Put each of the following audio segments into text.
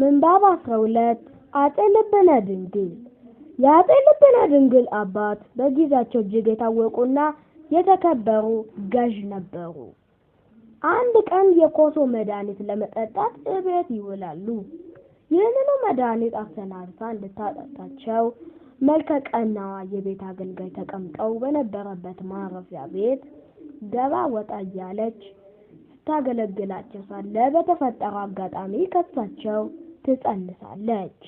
ምንባብ 12 አፄ ልብነ ድንግል የአፄ ልብነ ድንግል አባት በጊዜያቸው እጅግ የታወቁና የተከበሩ ገዥ ነበሩ። አንድ ቀን የኮሶ መድኃኒት ለመጠጣት እቤት ይውላሉ። ይህንኑ መድኃኒት አሰናድታ እንድታጠጣቸው መልከቀና የቤት አገልጋይ ተቀምጠው በነበረበት ማረፊያ ቤት ገባ ወጣ እያለች ስታገለግላቸው ሳለ በተፈጠረው አጋጣሚ ከሳቸው። ትጸንሳለች።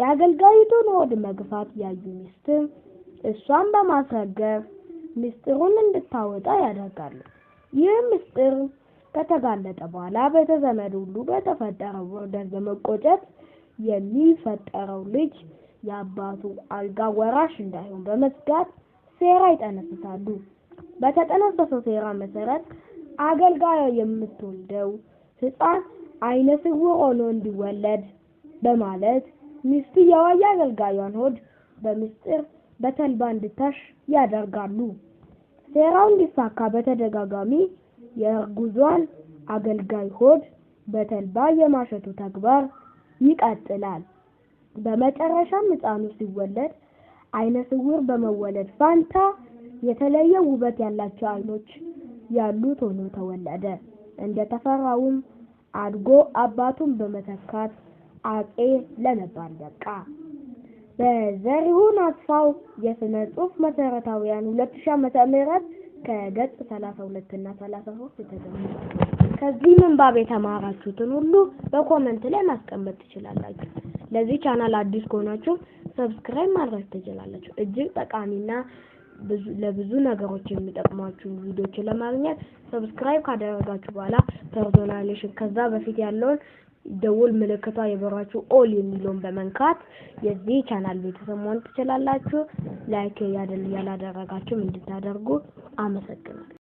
የአገልጋይቱን ሆድ መግፋት ያዩ ሚስትም እሷን በማስረገም ምስጢሩን እንድታወጣ ያደርጋሉ። ይህ ምስጢር ከተጋለጠ በኋላ በተዘመድ ሁሉ በተፈጠረው ውርደት በመቆጨት የሚፈጠረው ልጅ የአባቱ አልጋ ወራሽ እንዳይሆን በመስጋት ሴራ ይጠነስሳሉ። በተጠነሰሰው ሴራ መሰረት አገልጋዩ የምትወልደው ህጻን። አይነ ስውር ሆኖ እንዲወለድ በማለት ሚስቱ እያዋየ አገልጋዩን ሆድ በምስጢር በተልባ እንድታሽ ያደርጋሉ። ሴራው እንዲሳካ በተደጋጋሚ የእርጉዟን አገልጋይ ሆድ በተልባ የማሸቱ ተግባር ይቀጥላል። በመጨረሻም ህፃኑ ሲወለድ አይነ ስውር በመወለድ ፋንታ የተለየ ውበት ያላቸው አይኖች ያሉት ሆኖ ተወለደ። እንደተፈራውም አድጎ አባቱን በመተካት አጼ ለመባል በቃ። በዘሪሁን አስፋው የሥነ ጽሑፍ መሠረታውያን 2000 ዓ.ም ከገጽ 32 እና 33 የተገኘው። ከዚህ ምንባብ የተማራችሁትን ሁሉ በኮመንት ላይ ማስቀመጥ ትችላላችሁ። ለዚህ ቻናል አዲስ ከሆናችሁ ሰብስክራይብ ማድረግ ትችላላችሁ። እጅግ ጠቃሚና ለብዙ ነገሮች የሚጠቅሟችሁ ቪዲዮዎችን ለማግኘት ሰብስክራይብ ካደረጋችሁ በኋላ ፐርሶናሌሽን ከዛ በፊት ያለውን ደውል ምልክቷ የበራችሁ ኦል የሚለውን በመንካት የዚህ ቻናል ቤተሰብ መሆን ትችላላችሁ። ላይክ ያደል ያላደረጋችሁም እንድታደርጉ አመሰግናለሁ።